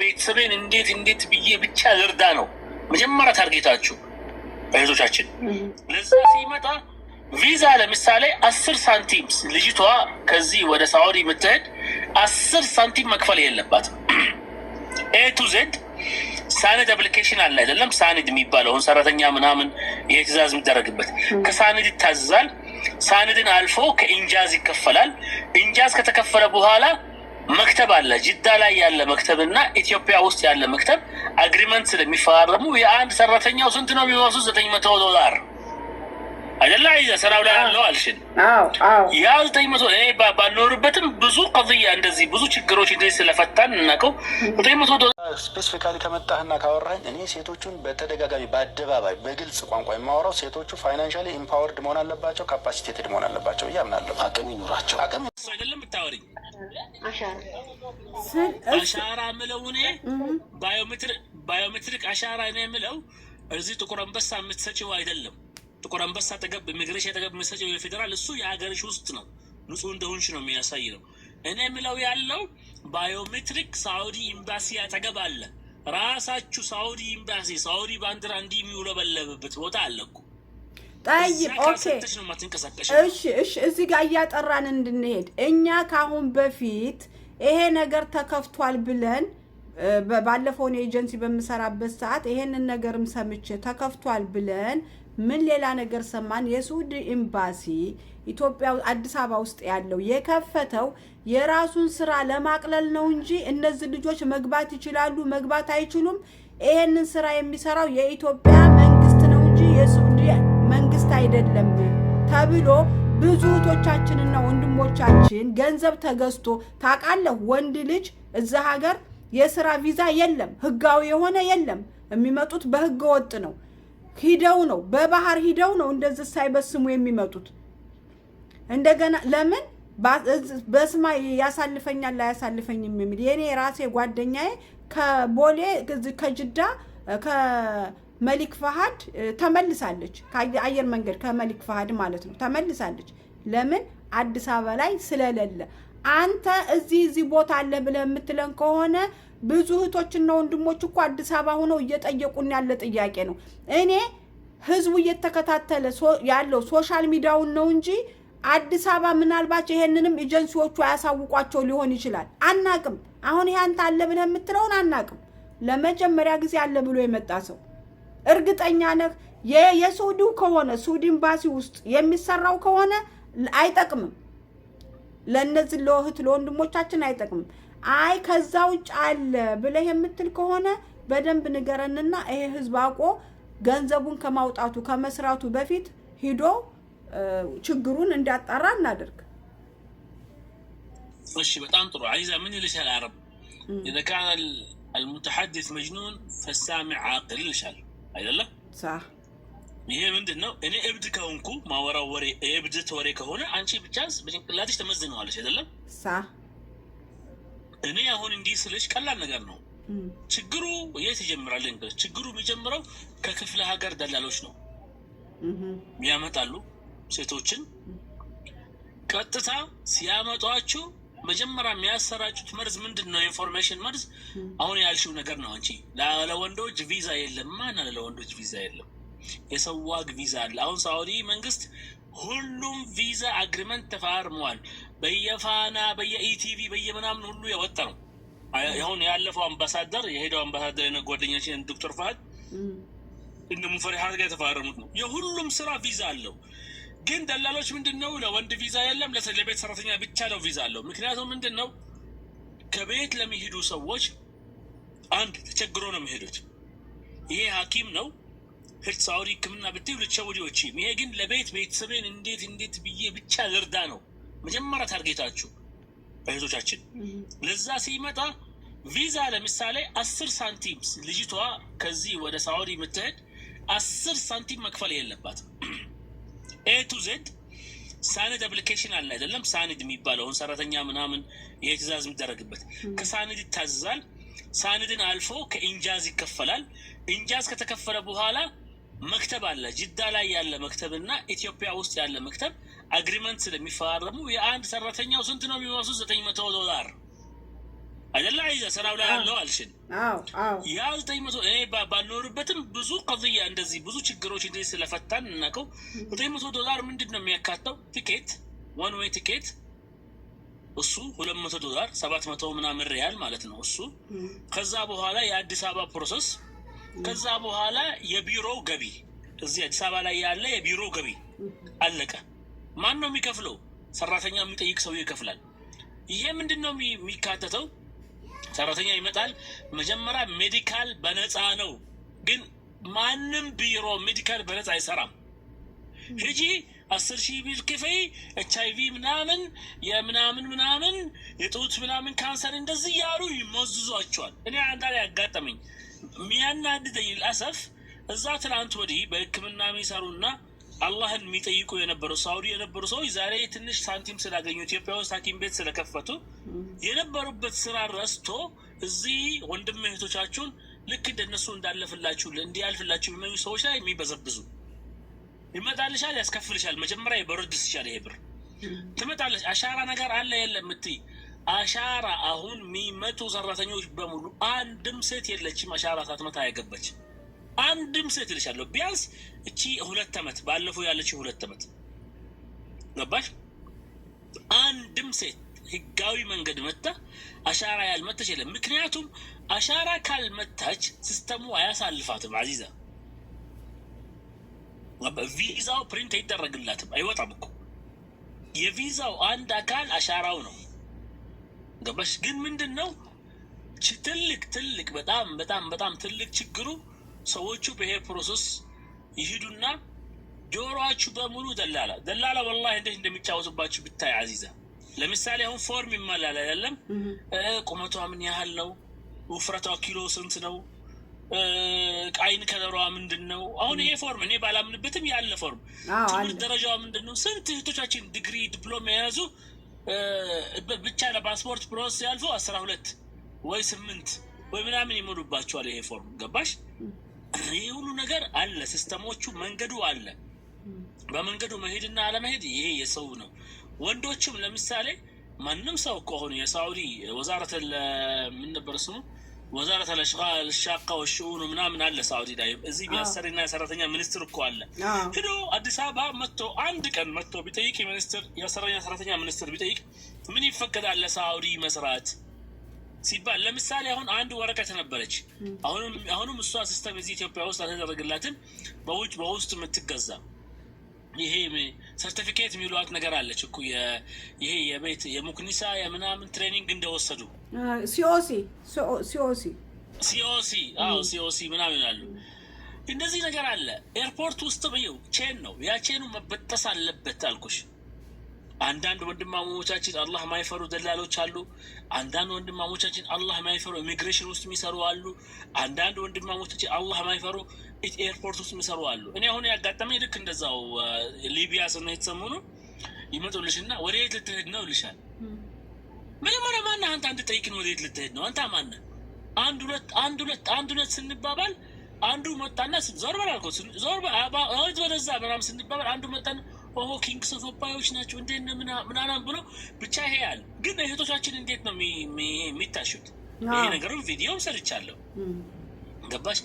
ቤተሰቤን እንዴት እንዴት ብዬ ብቻ ልርዳ ነው መጀመሪያ ታርጌታችሁ እህቶቻችን። ለዛ ሲመጣ ቪዛ ለምሳሌ አስር ሳንቲም ልጅቷ ከዚህ ወደ ሳዑዲ የምትሄድ አስር ሳንቲም መክፈል የለባትም። ኤ ቱ ዜድ ሳኒድ አፕሊኬሽን አለ አይደለም? ሳኒድ የሚባለውን ሰራተኛ ምናምን ይሄ ትእዛዝ የሚደረግበት ከሳኒድ ይታዘዛል። ሳንድን አልፎ ከኢንጃዝ ይከፈላል። ኢንጃዝ ከተከፈለ በኋላ መክተብ አለ። ጅዳ ላይ ያለ መክተብ እና ኢትዮጵያ ውስጥ ያለ መክተብ አግሪመንት ስለሚፈራረሙ የአንድ ሰራተኛው ስንት ነው የሚመሱ? ዘጠኝ መቶ ዶላር አይደለ? ስራው ላይ አለው አልሽን ያ ዘጠኝ መቶ ባኖርበትም ብዙ ቀዝያ እንደዚህ ብዙ ችግሮች እንደዚህ ስለፈታን እናቀው ዘጠኝ መቶ ዶላር ስፔሲፊካሊ ከመጣህና ካወራኝ እኔ ሴቶቹን በተደጋጋሚ በአደባባይ በግልጽ ቋንቋ የማወራው ሴቶቹ ፋይናንሻሊ ኢምፓወርድ መሆን አለባቸው፣ ካፓሲቴትድ መሆን አለባቸው ብዬ አምናለሁ። አቅም ይኑራቸው። አቅም አይደለም ብታወሪኝ አሻራ ምለው እኔ ባዮሜትሪክ አሻራ ነው የምለው። እዚህ ጥቁር አንበሳ የምትሰጪው አይደለም። ጥቁር አንበሳ አጠገብ ኢሚግሬሽን አጠገብ የምትሰጪው የፌዴራል እሱ የሀገርሽ ውስጥ ነው፣ ንጹህ እንደሆንሽ ነው የሚያሳይ ነው። እኔ የምለው ያለው ባዮሜትሪክ ሳውዲ ኤምባሲ አጠገብ አለ። ራሳችሁ ሳኡዲ ኤምባሲ ሳኡዲ ባንዲራ እንዲህ የሚውለበለብበት ቦታ አለ እኮ ጠይቅ። ኦኬ። እሺ፣ እሺ፣ እዚህ ጋር እያጠራን እንድንሄድ እኛ ከአሁን በፊት ይሄ ነገር ተከፍቷል ብለን ባለፈው ኤጀንሲ በምሰራበት ሰዓት ይሄንን ነገርም ሰምቼ ተከፍቷል ብለን ምን ሌላ ነገር ሰማን። የሱድ ኤምባሲ ኢትዮጵያ አዲስ አበባ ውስጥ ያለው የከፈተው የራሱን ስራ ለማቅለል ነው እንጂ እነዚህ ልጆች መግባት ይችላሉ፣ መግባት አይችሉም። ይሄንን ስራ የሚሰራው የኢትዮጵያ መንግስት ነው እንጂ አይደለም ተብሎ ብዙ እህቶቻችንና ወንድሞቻችን ገንዘብ ተገዝቶ ታውቃለህ። ወንድ ልጅ እዛ ሀገር የስራ ቪዛ የለም፣ ህጋዊ የሆነ የለም። የሚመጡት በህገ ወጥ ነው። ሂደው ነው በባህር ሂደው ነው እንደዚህ ሳይበስሙ የሚመጡት። እንደገና ለምን በስማ ያሳልፈኛል ላያሳልፈኝም የሚል የኔ ራሴ ጓደኛዬ ከቦሌ ከጅዳ መሊክ ፈሃድ ተመልሳለች። አየር መንገድ ከመሊክ ፈሃድ ማለት ነው ተመልሳለች። ለምን አዲስ አበባ ላይ ስለሌለ። አንተ እዚህ እዚህ ቦታ አለ ብለህ የምትለን ከሆነ ብዙ እህቶችና ወንድሞች እኮ አዲስ አበባ ሆነው እየጠየቁን ያለ ጥያቄ ነው። እኔ ህዝቡ እየተከታተለ ያለው ሶሻል ሚዲያውን ነው እንጂ አዲስ አበባ ምናልባት ይሄንንም ኤጀንሲዎቹ አያሳውቋቸው ሊሆን ይችላል። አናቅም። አሁን ይሄ አንተ አለ ብለህ የምትለውን አናቅም። ለመጀመሪያ ጊዜ አለ ብሎ የመጣ ሰው እርግጠኛ ነህ? የሱዲው ከሆነ ሱዲ ኤምባሲ ውስጥ የሚሰራው ከሆነ አይጠቅምም። ለእነዚህ ለእህት ለወንድሞቻችን አይጠቅምም። አይ ከዛ ውጭ አለ ብለህ የምትል ከሆነ በደንብ ንገረንና ይሄ ህዝብ አውቆ ገንዘቡን ከማውጣቱ ከመስራቱ በፊት ሂዶ ችግሩን እንዲያጣራ እናደርግ። እሺ፣ በጣም ጥሩ አይዛ። ምን ይልሻል አረብ ኢዘ ካነ አልሙተሐዲስ መጅኑን ፈሳሚዕ አቅል ይልሻል አይደለም ይሄ ምንድን ነው? እኔ እብድ ከሆንኩ ማወራው ወሬ የእብድት ወሬ ከሆነ አንቺ ብቻ በጭንቅላትሽ ተመዝነዋለች አይደለም? እኔ አሁን እንዲህ ስልሽ ቀላል ነገር ነው። ችግሩ የት ይጀምራል? ችግሩ የሚጀምረው ከክፍለ ሀገር ደላሎች ነው ያመጣሉ ሴቶችን ቀጥታ ሲያመጧችሁ መጀመሪያ የሚያሰራጩት መርዝ ምንድን ነው? ኢንፎርሜሽን መርዝ። አሁን ያልሽው ነገር ነው አንቺ። ለወንዶች ቪዛ የለም። ማን ለወንዶች ቪዛ የለም? የሰዋግ ቪዛ አለ። አሁን ሳኡዲ መንግስት ሁሉም ቪዛ አግሪመንት ተፈርመዋል። በየፋና በየኢቲቪ በየምናምን ሁሉ የወጣ ነው። አሁን ያለፈው አምባሳደር የሄደው አምባሳደር የነ ጓደኛችን ዶክተር ፋሀድ እነ ሙፈሪሃት ጋር የተፈራረሙት ነው። የሁሉም ስራ ቪዛ አለው። ግን ደላሎች ምንድን ነው ለወንድ ቪዛ የለም፣ ለቤት ሰራተኛ ብቻ ነው ቪዛ አለው። ምክንያቱም ምንድን ነው ከቤት ለሚሄዱ ሰዎች አንድ ተቸግሮ ነው የሚሄዱት። ይሄ ሐኪም ነው ህርት ሳውሪ ህክምና ብትይ ልትሸውዲዎች። ይሄ ግን ለቤት ቤተሰቤን እንዴት እንዴት ብዬ ብቻ ልርዳ ነው መጀመሪያ ታርጌታችሁ እህቶቻችን። ለዛ ሲመጣ ቪዛ ለምሳሌ አስር ሳንቲም ልጅቷ ከዚህ ወደ ሳውዲ የምትሄድ አስር ሳንቲም መክፈል የለባትም። ኤቱ ቱ ዜድ ሳንድ አፕሊኬሽን አለ አይደለም? ሳንድ የሚባለው አሁን ሰራተኛ ምናምን የትእዛዝ የሚደረግበት ከሳንድ ይታዘዛል። ሳንድን አልፎ ከኢንጃዝ ይከፈላል። ኢንጃዝ ከተከፈለ በኋላ መክተብ አለ። ጅዳ ላይ ያለ መክተብ እና ኢትዮጵያ ውስጥ ያለ መክተብ አግሪመንት ስለሚፈራረሙ የአንድ ሰራተኛው ስንት ነው የሚወስዱ? ዘጠኝ መቶ ዶላር አይደለ አይዘ ስራው ላይ አለው አልሽን ያ ዘጠኝ መቶ እኔ ባልኖርበትም ብዙ ቀዝያ እንደዚህ ብዙ ችግሮች እንደዚህ ስለፈታን እናቀው። ዘጠኝ መቶ ዶላር ምንድን ነው የሚያካተው? ቲኬት ዋን ዌይ ቲኬት እሱ ሁለት መቶ ዶላር ሰባት መቶ ምናምን ሪያል ማለት ነው እሱ። ከዛ በኋላ የአዲስ አበባ ፕሮሰስ፣ ከዛ በኋላ የቢሮ ገቢ እዚህ አዲስ አበባ ላይ ያለ የቢሮ ገቢ አለቀ። ማን ነው የሚከፍለው? ሰራተኛ የሚጠይቅ ሰው ይከፍላል። ይሄ ምንድን ነው የሚካተተው? ሰራተኛ ይመጣል። መጀመሪያ ሜዲካል በነፃ ነው። ግን ማንም ቢሮ ሜዲካል በነፃ አይሰራም። ሂጂ አስር ሺህ ቢር ክፈይ ኤች አይቪ ምናምን የምናምን ምናምን የጡት ምናምን ካንሰር እንደዚህ ያሉ ይመዝዟቸዋል። እኔ አንዳ ላይ ያጋጠመኝ የሚያናድደኝ ለአሰፍ እዛ ትናንት ወዲህ በህክምና የሚሰሩና አላህን የሚጠይቁ የነበሩ ሳውዲ የነበሩ ሰዎች ዛሬ ትንሽ ሳንቲም ስላገኙ ኢትዮጵያ ውስጥ ሐኪም ቤት ስለከፈቱ የነበሩበት ስራ ረስቶ እዚህ ወንድም እህቶቻችሁን ልክ እንደነሱ እንዳለፍላችሁ እንዲያልፍላችሁ የሚመኙ ሰዎች ላይ የሚበዘብዙ ይመጣልሻል፣ ያስከፍልሻል። መጀመሪያ የበረድስ ይሻል ይሄ ብር ትመጣለች። አሻራ ነገር አለ የለ እምትይ አሻራ አሁን የሚመጡ ሰራተኞች በሙሉ አንድም ሴት የለችም። አሻራ ሳትመታ ያገባች አንድም ሴት ልሻለሁ ቢያንስ እቺ ሁለት ዓመት ባለፈው ያለችው ሁለት ዓመት ገባሽ? አንድም ሴት ህጋዊ መንገድ መታ አሻራ ያልመታች የለም። ምክንያቱም አሻራ ካልመታች ሲስተሙ አያሳልፋትም። አዚዛ ቪዛው ፕሪንት አይደረግላትም፣ አይወጣም እኮ የቪዛው አንድ አካል አሻራው ነው። ገባሽ? ግን ምንድን ነው ትልቅ ትልቅ በጣም በጣም በጣም ትልቅ ችግሩ ሰዎቹ በሄ ፕሮሰስ ይሂዱና ጆሮአችሁ በሙሉ ደላላ ደላላ ወላሂ እንዴት እንደሚጫወቱባችሁ ብታይ አዚዛ ለምሳሌ አሁን ፎርም ይመላል አይደለም ቁመቷ ምን ያህል ነው ውፍረቷ ኪሎ ስንት ነው ቃይን ከለሯ ምንድን ነው አሁን ይሄ ፎርም እኔ ባላምንበትም ያለ ፎርም ትምህርት ደረጃዋ ምንድን ነው ስንት እህቶቻችን ዲግሪ ዲፕሎም የያዙ ብቻ ለፓስፖርት ፕሮሰስ ያልፈው አስራ ሁለት ወይ ስምንት ወይ ምናምን ይሞሉባቸዋል ይሄ ፎርም ገባሽ ይሄ ሁሉ ነገር አለ፣ ሲስተሞቹ መንገዱ አለ። በመንገዱ መሄድና አለመሄድ ይሄ የሰው ነው። ወንዶችም ለምሳሌ ማንም ሰው ከሆኑ የሳዑዲ ወዛረተ ምን ነበር ስሙ ወዛረት ለሽቃል ሻቃ ወሽኡኑ ምናምን አለ ሳዑዲ ላይ እዚህ የአሰሪና የሰራተኛ ሚኒስትር እኮ አለ። ሂዶ አዲስ አበባ መጥቶ አንድ ቀን መጥቶ ቢጠይቅ ሚኒስትር የአሰሪና የሰራተኛ ሚኒስትር ቢጠይቅ ምን ይፈቀዳል ለሳዑዲ መስራት ሲባል ለምሳሌ አሁን አንድ ወረቀት ነበረች። አሁንም እሷ ሲስተም እዚህ ኢትዮጵያ ውስጥ አልተደረግላትም። በውጭ በውስጥ የምትገዛ ይሄ ሰርቲፊኬት የሚሏት ነገር አለች እኮ ይሄ የቤት የሙክኒሳ የምናምን ትሬኒንግ እንደወሰዱ ሲኦሲ ሲኦሲ ሲኦሲ ምናምን ይላሉ። እንደዚህ ነገር አለ ኤርፖርት ውስጥ ብየው ቼን ነው ያ ቼኑ መበጠስ አለበት አልኩሽ። አንዳንድ ወንድማሞቻችን አላህ የማይፈሩ ደላሎች አሉ። አንዳንድ ወንድማሞቻችን አላህ የማይፈሩ ኢሚግሬሽን ውስጥ የሚሰሩ አሉ። አንዳንድ ወንድማሞቻችን አላህ የማይፈሩ ኤርፖርት ውስጥ የሚሰሩ አሉ። እኔ አሁን ያጋጠመኝ ልክ እንደዛው ሊቢያ ስነ የተሰሙኑ ይመጡልሽና ወደ የት ልትሄድ ነው ይልሻል። መጀመሪያ ማነህ አንተ? አንድ ጠይቅን ወደ የት ልትሄድ ነው አንተ ማነህ? አንድ ሁለት አንድ ሁለት አንድ ሁለት ስንባባል አንዱ መጣና ዞር በላልኮ ዞር በል ወደዛ ምናምን ስንባባል አንዱ መጣና ኦ ኪንግስ ኦፍ ናቸው እንዴ ምናምን ብሎ ብቻ ይሄ ያለ ግን እህቶቻችን እንዴት ነው የሚታሹት? ይሄ ቪዲዮ ቪዲዮም ሰርቻለሁ። ገባሽ?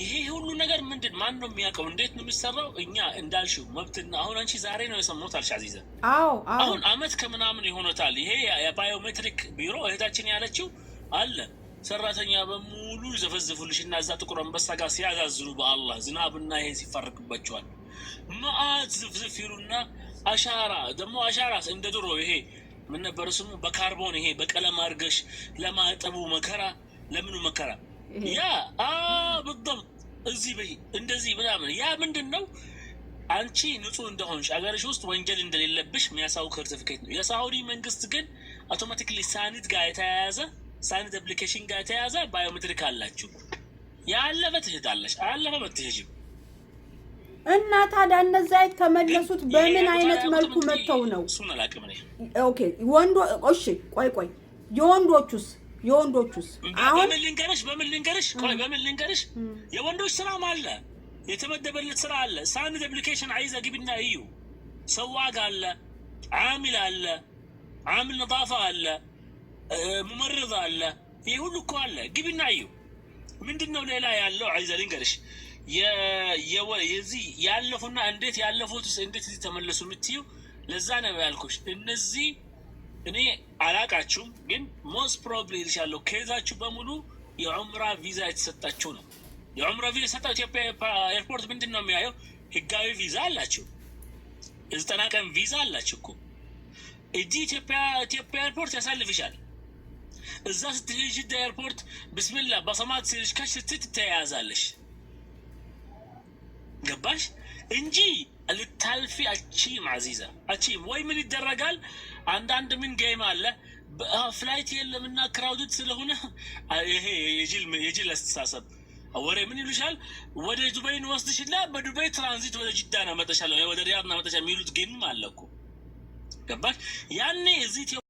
ይሄ ሁሉ ነገር ምንድን ማን ነው የሚያውቀው? እንዴት ነው የሚሰራው? እኛ እንዳልሽው መብትና አሁን አንቺ ዛሬ ነው የሰማሁት አልሽ አዚዘ። አሁን አመት ከምናምን ይሆነታል። ይሄ የባዮሜትሪክ ቢሮ እህታችን ያለችው አለ ሰራተኛ በሙሉ ዘፈዝፉልሽ እና እዛ ጥቁር አንበሳ ጋር ሲያዛዝኑ በአላህ ዝናብና ይሄ ሲፈርቅባቸዋል መአት ዝፍዝፍ አሻራ ደግሞ አሻራ እንደ ድሮ ይሄ ምን ነበረ ስሙ? በካርቦን ይሄ በቀለም አድርገሽ ለማጠቡ መከራ፣ ለምኑ መከራ ያ አ ብም እዚህ በይ እንደዚህ ምናምን ያ ምንድን ነው? አንቺ ንጹህ እንደሆንሽ አገርሽ ውስጥ ወንጀል እንደሌለብሽ የሚያሳውቅ ሰርቲፊኬት ነው። የሳውዲ መንግስት ግን አውቶማቲክሊ ሳኒት ጋር የተያያዘ ሳኒት አፕሊኬሽን ጋር የተያያዘ ባዮሜትሪክ አላችሁ። ያለፈ ትሄዳለሽ፣ አለፈ መትሄጅም እና ታዲያ እነዛ የተመለሱት በምን አይነት መልኩ መጥተው ነው? ኦኬ ወንዶ እሺ፣ ቆይ ቆይ፣ የወንዶቹስ የወንዶቹስ አሁን በምን ልንገርሽ፣ በምን ልንገርሽ፣ ቆይ በምን ልንገርሽ፣ የወንዶች ስራም አለ፣ የተመደበለት ስራ አለ። ሳንድ አፕሊኬሽን አይዘ ግብና እዩ፣ ሰዋግ አለ፣ አሚል አለ፣ አሚል ነጣፋ አለ፣ ሙመርዝ አለ። ይህ ሁሉ እኮ አለ። ግብና እዩ። ምንድን ነው ሌላ ያለው? አይዘ ልንገርሽ የዚህ ያለፉና እንዴት ያለፉት እንዴት እዚህ ተመለሱ የምትዩ ለዛ ነው ያልኩሽ። እነዚህ እኔ አላቃችሁም፣ ግን ሞስት ፕሮብሊ ያለው ከዛችሁ በሙሉ የዑምራ ቪዛ የተሰጣችሁ ነው። የዑምራ ቪዛ የተሰጣው ኢትዮጵያ ኤርፖርት ምንድን ነው የሚያየው? ህጋዊ ቪዛ አላችሁ፣ ዘጠና ቀን ቪዛ አላችሁ እኮ እዚህ ኢትዮጵያ ኢትዮጵያ ኤርፖርት ያሳልፍሻል። እዛ ስትሄጂ ኤርፖርት ብስሚላ በሰማት ሲልሽ ከሽ ስትት ተያያዛለሽ ገባሽ እንጂ ልታልፊ አቺም አዚዛ አቺም ወይ ምን ይደረጋል? አንዳንድ ምን ጌም አለ ፍላይት የለምና ክራውድድ ስለሆነ ይሄ የጅል አስተሳሰብ ወሬ ምን ይሉሻል? ወደ ዱባይ እንወስድሽና በዱባይ ትራንዚት ወደ ጅዳ መጠሻለ ወደ ሪያድ መጠሻ የሚሉት ጌምም አለ እኮ ገባሽ ያኔ እዚህ